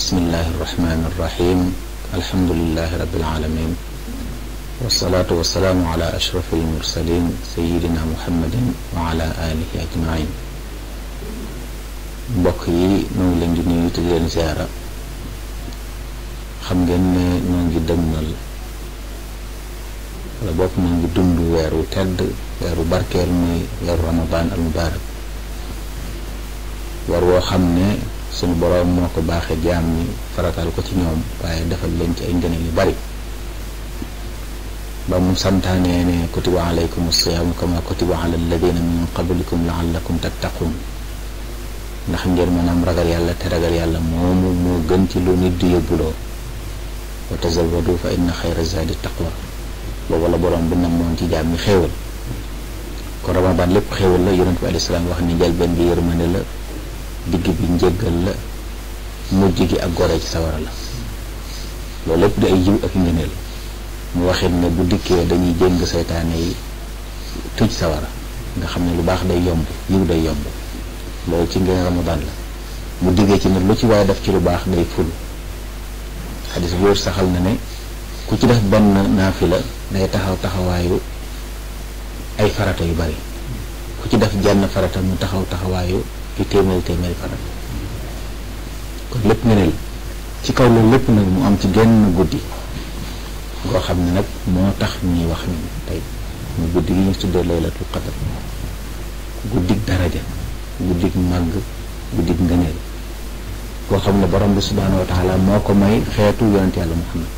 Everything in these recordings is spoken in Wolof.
bismillahi irrahmani irrahim alhamdulilahi rabbil alamin wasalaatu wasalaamu ala ashrafi almursalin sayidina muhammadin wa ala alihi ajmain mbokk yi noo ngi leen di nuyu te di leen ziara xam ngeen ne noo ngi dëmmal wala bopp noo ngi dund weeru tedd weeru barkeel muy weeru ramadan al mubarak war woo xam ne suñu boroom moo ko baaxee jaam ñi farataal ko ci ñoom waaye defal leen ci ay ngëneel yu bari ba mu santaanee ne kutiba alaykum siyaamu kama kutiba ala alladina min qablikum laallakum tattaqun ndax ngir maanaam ragal yàlla te ragal yàlla moomu moo gën ci lu nit di yóbbuloo wa tazawadu fa inna xayra zaadi taqwa boobu la boroom bi namoon ci jaam ñi xéewal kon ramadan lépp xéewal la yonent bi alayhi salaam wax ni njëlbeen gi yërmande la digg bi njëggal la mu gi ak goree ci sawara la loolu lépp di ay jiw ak ngëneel mu waxit ne bu dikkee dañuy jëng seytaane yi tëj sawara nga xam ne lu baax day yomb yiw day yomb loolu ci ngeen ramadaan la mu diggee ci ne lu ci waaye def ci lu baax day ful xadis boobu saxal na ne ku ci def benn la day taxaw taxawaayu ay farata yu bari ku ci def jenn farata mu taxaw taxawaayu ay téeméeri téeméeri fan kon lépp ngëneel ci kaw loolu lépp nag mu am ci genn guddi goo xam ne nag moo tax ñuy wax ni tey mu guddi gi ñu tuddee laylatul qadr guddig daraja guddig màgg guddig ngëneel koo xam ne borom bi subhaanahu wa taala moo ko may xeetu yonent yàlla muhammad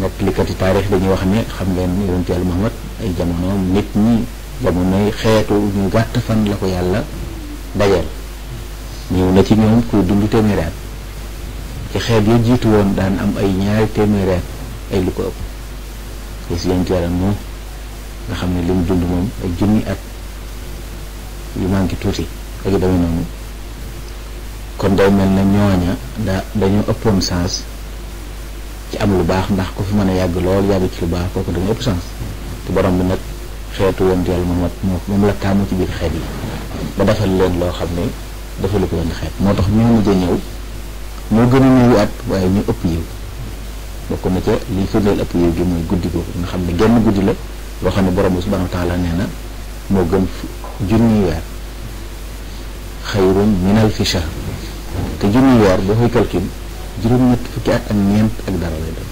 nekk likati taarix dañuy wax ne xam ngeen yonent yàlla muhammad ay jamonoom nit ñi ba mu ne xeetu ñu gàtt fan la ko yàlla dajal ñëw na ci ñoom ku dund téeméeri ci xeet ya jiitu woon daan am ay ñaari téeméeri at ay lu ko ëpp gis leen ci yàlla xam ne li dund moom yu manqué tuuti ak yu demee noonu kon day mel na ñooña da dañoo ëppoon sens ci am lu baax ndax ko fi mën a yàgg lool yàgg ci lu baax kooku dañu ëpp sens te borom bi nag xeetu woon yàlla moom moom la taamu ci biir xeet yi ba defal leen loo xam ne defalu ko woon xeet moo tax ñu mujj ñëw moo gën a at waaye ñu ëpp yiw bokk na ca liy firndeel ëpp yiw gi mooy guddi googu nga xam ne genn guddi la loo xam ne borom bi subhanahu wa taala nee moo gën junni weer xayrun min alfi shahr te junni weer boo koy calcul juróom-ñett fukki at ak ñeent ak dara lay doon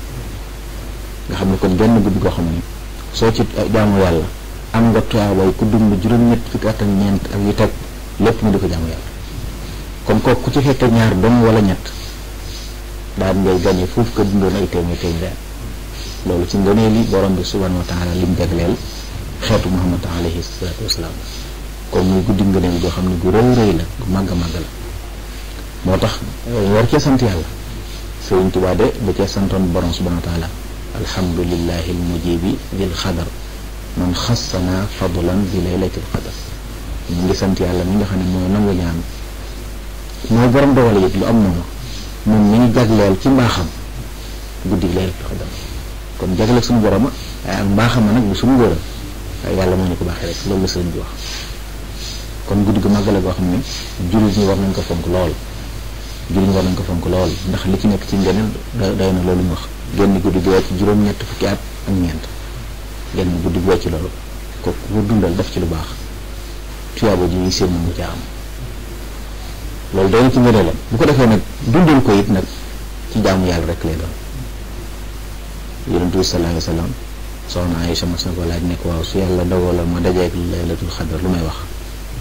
nga xam ne kon genn guddi koo xam ne soo ci jaamu yàlla am nga tuwaabay ku dund juróom-ñett fukki at ñeent ak yu teg lépp nga di ko jaamu yàlla kon kooku ku ci fekke ñaar dong wala ñett daan ngay gañe foofu ko dundoon ay téeméer téeméer loolu ci ngëneel li borom bi subhanahu wa taala lim jagleel xeetu muhammad alayhi salaatu wasalaam kon muy guddi ngëneel goo xam ne gu rëy rëy la gu màgg a màgg la moo tax eh, war cee sant yàlla sëriñ Tuubaa de da cee santoon borom subhanahu wa taala alhamdulillahi almujibi dil xadar man xassana fadlan bi laylatil qadr ñu ngi sant yàlla mi nga xam ne mooy nangu ñaan mooy borom dogal yëpp lu am noonu moom mi ngi jagleel ci mbaaxam guddi laylatil qadr kon jagleel suñu borom a waaye ak mbaaxam nag bu suñu góor waaye yàlla moo ñu ko baaxee rek loolu la sëriñ wax kon guddi gu a la goo xam ne jullit ñi war nañ ko fonk lool jullit ñi war nañ ko fonk lool ndax li ci nekk ci ngeneen day na loolu ñu wax génn guddi gi ci juróom-ñett ak ñeent genn guddi boo ci loolu ko mu dundal def ci lu baax tuyaaba ji ñuy seen mu caa loolu doon ci ngëneelam bu ko defee nag dundal ko it nag ci jaamu yàlla rek lay doon yonent bi sallallahu alayhi wa sallam soxna Aïcha mas na ko laaj ne ko waaw su yàlla dogaloon may wax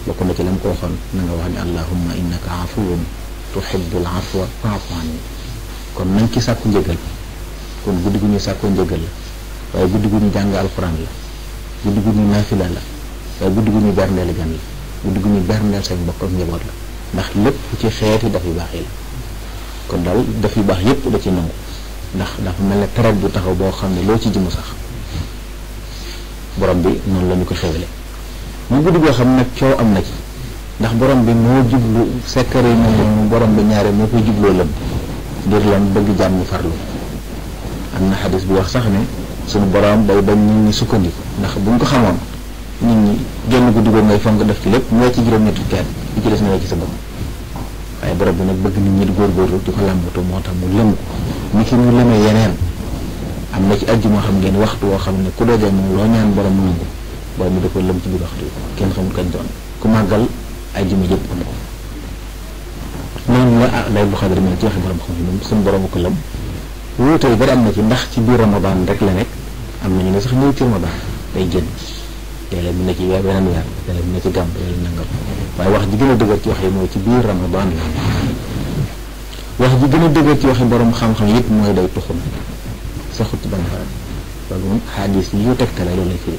bokk na ci la mu ko waxoon na wax ni allahumma innaka afuwun tuhibbul afwa fa'fu anni kon nañ ci sàkku njëgal kon guddi gu ñuy sàkkoo njëgal la waaye guddi gu ñu jàng alxuraan la guddi gu ñu naafila la waaye guddi gu ñu berndeel gan la guddi gu ñu berndeel seen mbokk ak njaboot la ndax lépp ci xeeti daf yu baax yi la kon daal daf yu baax yépp da ci nangu ndax dafa mel ne tarat bu taxaw boo xam ne loo ci jëmu sax borom bi noonu la ñu ko xewale mu guddi goo xam nag coow am na ci ndax borom bi moo jublu sekkare yi borom bi ñaare moo koy jubloo lëm ngir mu bëgg jàmm farlu am na xadis bu wax sax ne suñu borom day bañ nit ñi sukkandiku ndax buñ ko xamoon nit ñi génn ko googu ngay fonk def ci lépp ñoo ci juróom-ñetti kenn li ci des ñoo ci sa bopp waaye borom bi nag bëgg nit ko moo tax mu lëm ko ki mu yeneen am na ci ajju moo xam ngeen waxtu woo xam ne ku dajee moom loo ñaan borom mu nangu ci biir waxtu yi kenn xamul kañ doon ku màggal ajju ma jëpp am ko noonu la ah ci waxi borom ko lëm wuuteel bari am na ci ndax ci biir Ramadan rek la nekk am na ñu ne sax ñëw cër ma baax day génn léeg-léeg mu ne ci weer beneen weer léeg-léeg mu ci gàmm léeg-léeg nangam waaye wax ji gën a dëgër ci wax yi mooy ci biir ramadan la wax ji gën a dëgër ci waxi borom xam-xam yëpp mooy day tuxum saxut ci benn barab loolu moom xaadis yi ñu tegtale loolu la firi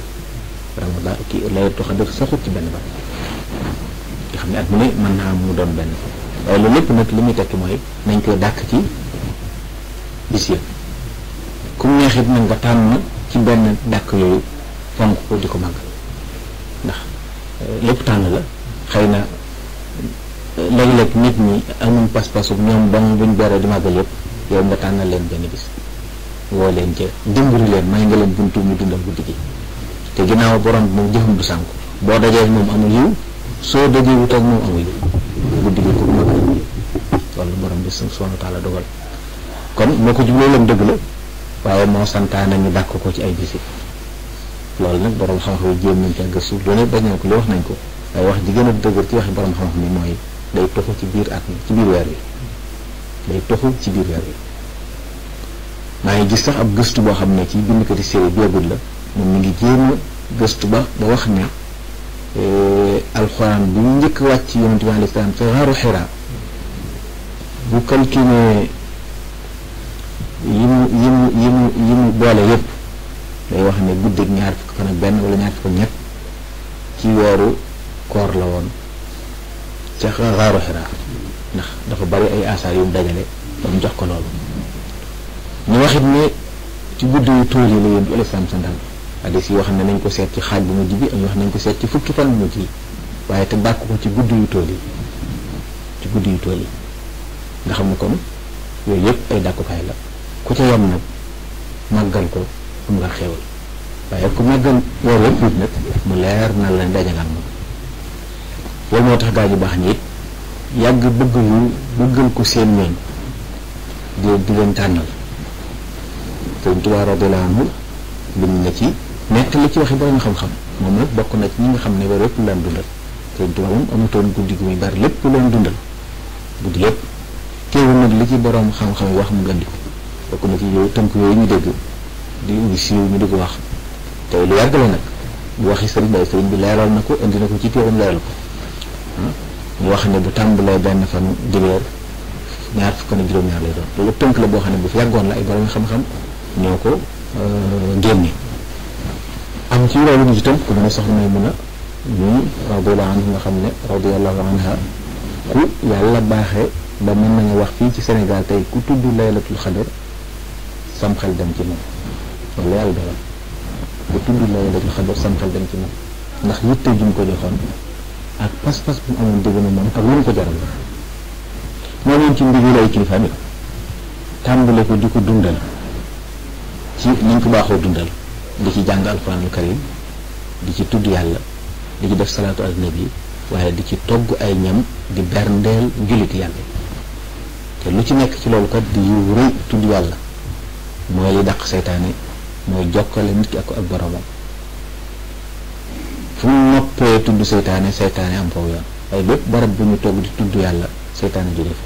ramadan kii lay tuxa dëgg saxut ci benn barab xam ne at mu ne mën naa mu doon benn waaye loolu lépp nag li muy tekki mooy nañ koy dàkk ci bis yëpp ku neexit nag nga tànn ci benn dàkk yooyu fonk ko di ko màggal ndax eh, lépp tànn la xëy na eh, léeg lekk nit ñi amuñ pas-pasu ñoom ba mu buñ booree di màggal yëpp yow nga tànnal leen benn bis woo leen ca dimbali leen may nga leen buntu mu dundal guddi gi te ginnaaw borom bi moom jëfam du sànku boo dajee moom amul yiw soo dajee wut ak moom amul yiw guddi gi ko màggal loolu borom bi subhanahu wa taala dogal kon moo ko jubloolu lam dëgg la waaye moo santaane ñu bàkk ko ci ay bisi loolu nag borom xam-xam yi jéem nañ ca gëstu lu ne dañ wax nañ ko wax ji gën a dëgër ci waxi borom xam-xam mooy day toxu ci biir at ci biir weer wi day ci biir weer maa ngi gis sax ab gëstu boo xam ne ci bindkati série biogut la moom mi ngi jéem gëstu ba ba wax ne eh, alxuraan bi ñu njëkk wàcc yonent bi alayhi salaam ca xaaru xiraa bu calculé yi mu yi mu yi mu boole yëpp day wax ne guddeeg ñaar fukk fan ak benn wala ñaar fukk ak ñett ci weeru koor la woon ca xaaru xiraa ndax dafa bari ay asaar yu mu dajale ba mu jox ko loolu ñu waxit ne ci guddi yu tool yi la yéen du aleisam sandal addis yi wax ne nañ ko seet ci xaaj bu mujj bi am wax nañ ko seet ci fukki fan bu mujj yi waaye te dàkk ko ci guddi yu tool yi ci guddi yu tool yi nga xam ne kon yooyu yëpp ay dàkkukaay la ku ca yam nag màggal ko am nga xéwal waaye ku màggal weer yëpp nag mu leer na la daje nga moom loolu moo tax gaa ju baax ñi it yàgg bëgg ñu bëggal ko seen ñooñ di di leen tànnal Sëriñ Tuubaa radiyallaahu anhu lim na ci nekk li ci waxi borom xam-xam moom nag bokk na ci ñi nga xam ne weer yëpp mu daan dundal Sëriñ Tuubaa moom amutoon guddi gi muy bari lépp lu leen dundal guddi lépp teewul nag li ci boroom xam-xam yi wax mu gën di bokk na ci yooyu tënk yooyu ñu dégg di indi siiw ñu di ko wax tey lu yàgg la nag bu waxi sëriñ bi sëriñ bi leeral na ko indi na ko ci téeram leeral wax ne bu tàmbalee benn fan dibeer ñaar fukk na juróom-ñaar lay doon loolu tënk boo xam ne bu fi yàggoon la ay borom xam-xam ñoo ko euh, génne am ci loolu ñu soxna may a nga xam ne radiyallahu anha ku yàlla baaxee ba mën nañu wax fii ci senegal tey ku tudd laylatul xadar sam xel dem ci moom loolu yàlla dogal bu ci moom ndax yitte ju ñu ko joxoon ak pas-pas bu mu amoon dégg na moom ak lu mu ko jaral moo leen ci mbiru lay kilifa bi ko di ko dundal ci nañ ko baaxoo dundal di ci jàng alxuraanul karim di ci tudd yàlla di ci def salaatu ala nabi waaye di ci togg ay ñam di berndeel jullit yàlla te lu ci nekk ci loolu kat di yiw rëy tudd yàlla mooy li dàq seytaane mooy jokkale nit ki ak ak boromam fu mu noppee tudd seytaane seytaane am foofu yoon waaye bépp barab bu ñu toog di tudd yàlla seytaane jóge fa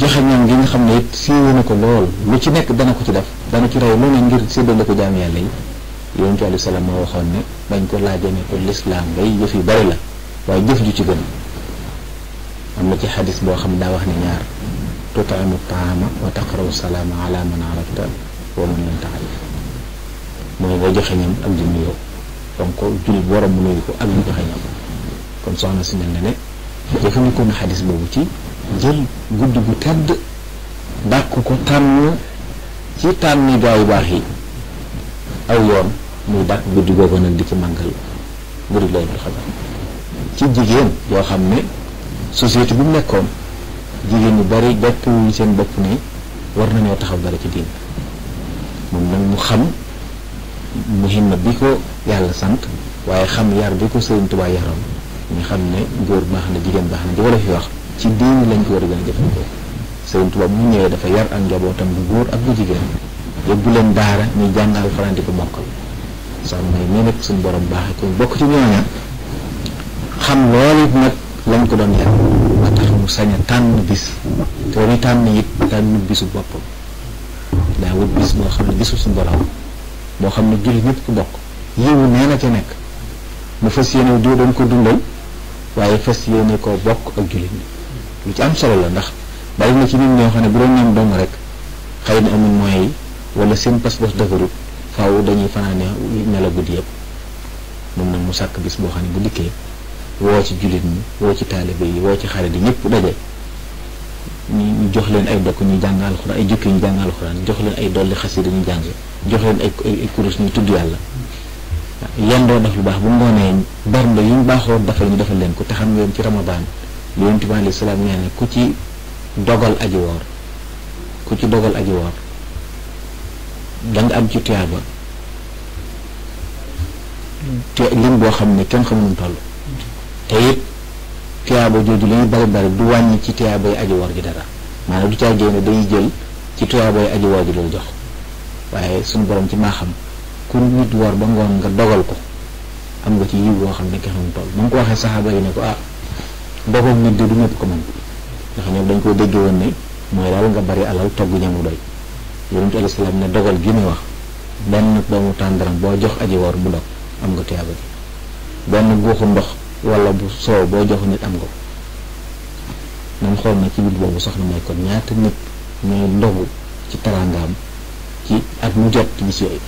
joxe ñoom gi nga xam ne it siiwu na ko lool lu ci nekk dana ko ci def dana ci rey lu ne ngir séddale ko jaam yàlla yi yonent bi aleyhi salaam moo waxoon ne bañ ko laajee ne ko lislaam day jëf yu bari la waaye jëf ju ci gën am na ci xadis boo xam ne daa wax ne ñaar tutaamu taama wa taqrawu salaama ala man arafta wa man lam taarif mooy nga joxe ñam ak di nuyoo donc jullit bu war a mu nuyu ko ak ñu joxe ñam kon soxna si mel na ne jëfandikoo na xadis boobu ci jël guddi gu tedd dàkk ko tànn ci tànn gaa yu baax yi aw yoon muy dàkk guddi googu nag di ci màngal guddi lay xam ci jigéen yoo xam ne société bu mu nekkoon jigéen ñu bari jàppewuñ seen bopp nii war nañoo taxaw dara ci diin moom nag mu xam muhimma bi ko yàlla sant waaye xam yar bi ko Sëriñ Tuubaa yaram ñu xam ne góor baax na jigéen baax na di wala fi wax ci diin lañ ko war a gën a jëfandikoo Sëriñ bu ñëwee dafa yar ak njabootam bu góor ak bu jigéen yóbbu leen daara ñuy jàng alxuraan di ko mokkal sax may mii nag suñu borom baaxee ko bokk ci ñooña xam loolu nag lañ ko doon yar mu sañ tànn bis te tànn it tànn bisu boppam daa wut bis xam ne bisu suñu borom boo xam ne jullit ñëpp ku bokk yiwu nee na ca nekk mu fas yéene doo doon ko dundal waaye fas yéene koo bokk ak jullit ñi lu ci am solo la ndax bari na ci nit ñoo xam ne bu doon ñoom dong rek xëy na amul moyens yi wala seen pas-pas dëgërut faaw dañuy fanaane nelaw guddi yëpp moom nag mu sàkk bis boo xam ne bu dikkee woo ci jullit ñi woo ci taalibe yi woo ci xarit yi ñëpp daje ñu jox leen ay dokk ñu jàng alxuraan ay jukki ñu jàng alxuraan jox leen ay dolli xasida ñu jàng jox leen ay ay kurus ñu tudd yàlla yan doo def lu baax bu ngoonee bernde yu ñu baaxoo defal ñu defal leen ko te xam ngeen ci ramadaan li yonent bi alayhi salaam nee na ku ci dogal aji woor ku ci dogal aji woor da am ci tuyaaba te lim boo xam ne kenn xamul mu te it tiyaaba jooju li ñu bari bari du wàññi ci tiyaaba yi aji woor gi dara maanaam du caa génne dañuy jël ci tiyaaba yi aji woor gi jox waaye suñu boroom ci maa xam ku nit woor ba ngoon nga dogal ko am nga ci yiw boo xam ne kenn xamul toll ba waxee saxaaba yi ne ko ah dogoog nit de du ñëpp dañ koo déggee woon ne mooy nga bari alal togg ñamu doy yonent alayhi salaam ne dogal gi muy wax benn doomu tàndaram boo jox aji woor bu dog am nga tiyaaba gi benn guuxu ndox wala bu soow boo jox nit am nga ko nañ xool na ci biir boobu soxna may kon ñaata nit ñooy ndogu ci tarangaam ci ak mu jot bis yooyu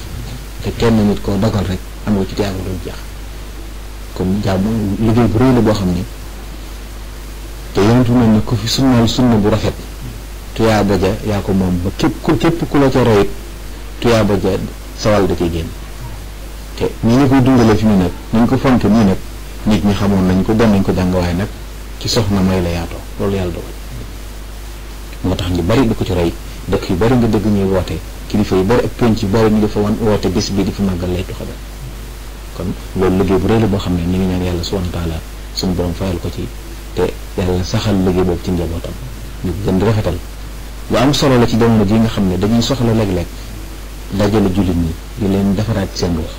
te kenn nit koo dogal rek am nga ci teewlu lu jeex comme jàmm liggéey bu réy la boo xam ne te yonent bi ne ku fi sunnaal sunna bu rafet tuyaaba ja yaa ko moom ba képp ku la ca royit tuyaaba ja sawal da cay génn te nii ñu koy dundalee fi mu nekk nañ ko fonk nii nag nit ñi xamoon nañ ko doon nañ ko jàng waaye nag ci soxna may la yaatoo loolu yàlla dogal moo tax ñu bari du ko ci rey dëkk yu bari nga dëgg ñuy woote kilifa yu bari ak penc yu bari ñu dafa wan woote bis bi di fi màggal lay tuxa kon loolu liggéey bu rëy boo xam ne ñu ngi ñaan yàlla subhanahu wa taala suñu borom fayal ko ci te yàlla saxal liggéey ci njabootam ñu gën lu am solo la ci jamono ji nga xam ne dañuy soxla léeg-léeg dajale jullit ñi di leen defaraat seen ruux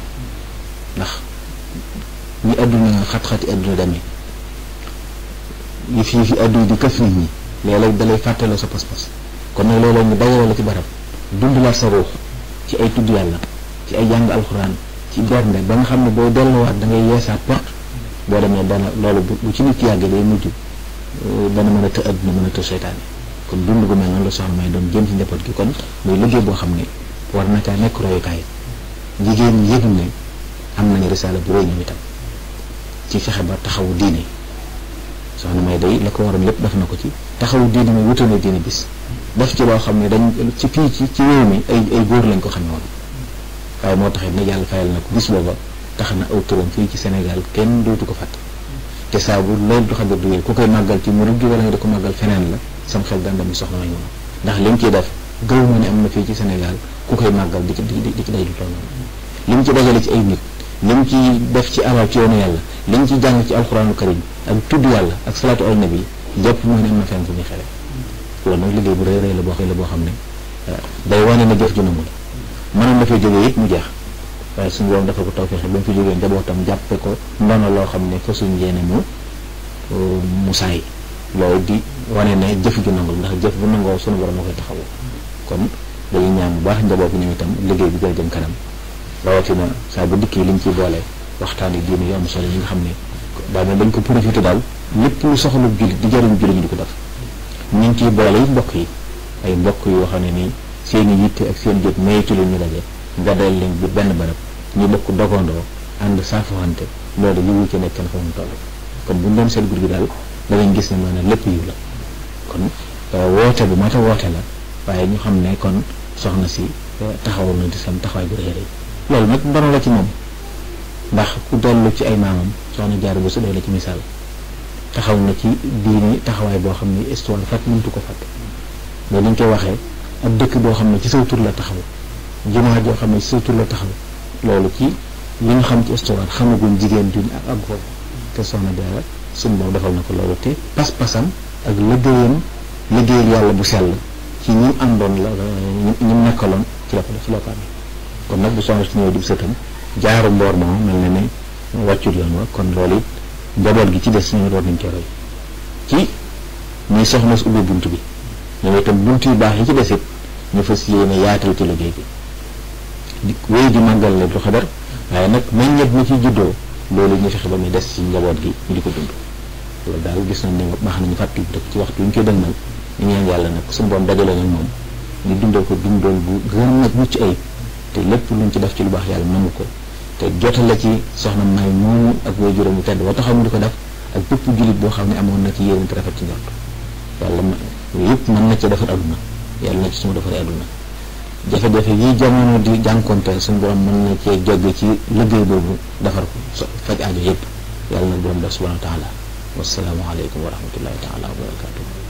ndax ni àdduna xat-xati àdduna demee yi fi fi àdduna di këf nit ñi léeg-léeg dalay sa pas kon nag looloo la ci barab dundalaat sa ruux ci ay tudd ci ay jàng alxuraan ci bernde ba nga xam ne boo delluwaat da ngay yeesaat porte boo demee dana loolu bu ci nit yàggee day mujj euh, dana mën a të àdduna mën a të seytaane kon dund gu mel noonu la soxna may doon jëm ci njaboot gi kon muy liggéey boo xam ne war na caa nekk royukaay jigéen ñi yëg ne am nañu risaala bu rëy ñoom itam ci fexe ba taxawu diini soxna may day la ko waroon yépp def na ko ci taxawu diine mi wutal na diine bis def ci loo xam ne dañ ci fii ci ci réew mi ay ay góor lañ ko xamee woon waaye moo taxit ne yàlla fayal na ko bis booba tax na aw turam fii ci Sénégal kenn dootu ko fàtte te saa bu du doxal ba dugal ku koy màggal ci mu gi wala nga di ko màggal feneen la sam xel daan dem soxna may moom ndax li mu ciy def gëw ma ne am na fii ci Sénégal ku koy màggal di ci di ci day du toll li mu ci dajale li mu ci def ci alal ci yoonu yàlla li mu ci jàng ci alxuraanu karim ak tudd yàlla ak salaatu al nabi jàpp mooy ne am na fenn fu muy xele loolu nag liggéey bu rëy rëy la boo xëy boo xam ne ah, day wane ne jëf ji nangu la dafay jógee it mu jeex waaye suñu borom dafa ko tawfeexe ba mu fi njabootam jàppe ko ndono loo xam ne fa suñ yéene mu uh, mu saay loolu di wane ne jëf ju nangu ndax jëf bu nangoo suñu borom moo koy taxawoo kon dañuy ñaam bu baax njaboot bi ñoom itam liggéey bi gën a jëm kanam rawatina saa bu dikkee liñ ciy boole waxtaanee diine yu am solo yi nga xam ne daanaka dañ ko profité daal lépp lu soxla jullit di jariñ jullit ñu di ko def ñu ngi ciy boole yi mbokk yi ay mbokk yoo xam ne nii seen i yitte ak seen jot maytu la ñu daje nga dal leen bi benn barab ñu bokk dogandoo ànd saafuwante loolu li wu ci nekk kenn fa mu toll kon bu ñu doon seet guddi daal danañ gis ne maanaam lépp yiw la kon euh, woote bu mata woote la waaye ñu xam ne kon soxna si euh, taxawoon na di seen taxawaay bu loolu nag ndono la ci moom ndax ku dollu ci ay maamam soxna jaar Buso doy la ci misaal taxaw na ci diini taxawaay boo xam ni histoire fàtt mëntu ko fàtte loolu dañ koy waxee ab dëkk boo xam ne ci saw tur la taxaw jumaa joo xam ne ci saw tur la taxaw loolu ci li nga xam ci histoire xamaguñ jigéen duñ ak ak góor te soxna Jaara suñu boobu defal na ko loolu te pas-pasam ak liggéeyam liggéeyal yàlla bu sell ci ñi àndoon la ñi nekkaloon ci la ko def ci kon nag bu soxna si ñëwee di sëtam jaaru mboor moom mel na ne wàccul yoon wa kon loolu it njaboot gi ci des ñoom doon nañ ko ci ñuy soxna si bunt bi ñoom itam bunt yu baax yi ci des it ñu fas yéene yaatal ci liggéey bi di wéy di màggal la du xadar waaye nag meññet mi ci juddoo loolu ñu fexe ba muy des ci njaboot gi ñu di ko dund loolu daal gis nañ ne baax nañu fàttali rek ci waxtu yu ñu koy dëgmal ñu ñaan yàlla nag suñu borom dajale nag moom ñu dundal ko dundoon bu gën a nag ci ayib te lépp luñ ci def ci lu baax yàlla nangu ko te jotale ci soxna may moomu ak way juróom bu tedd wa taxaw mu di ko def ak bépp jullit boo xam ne amoon na ci yéwante rafet ci njort yàlla ma yëpp mën na ci defar aduna yàlla na ci suma defaree aduna jafe-jafe yi jamono di jànkonteel suñu borom mën na cee jóge ci liggéey boobu defar ko so faj aajo yëpp yàlla na borom def subhanahu wa taala wasalaamualeykum wa rahmatullahi taala wa barakatuh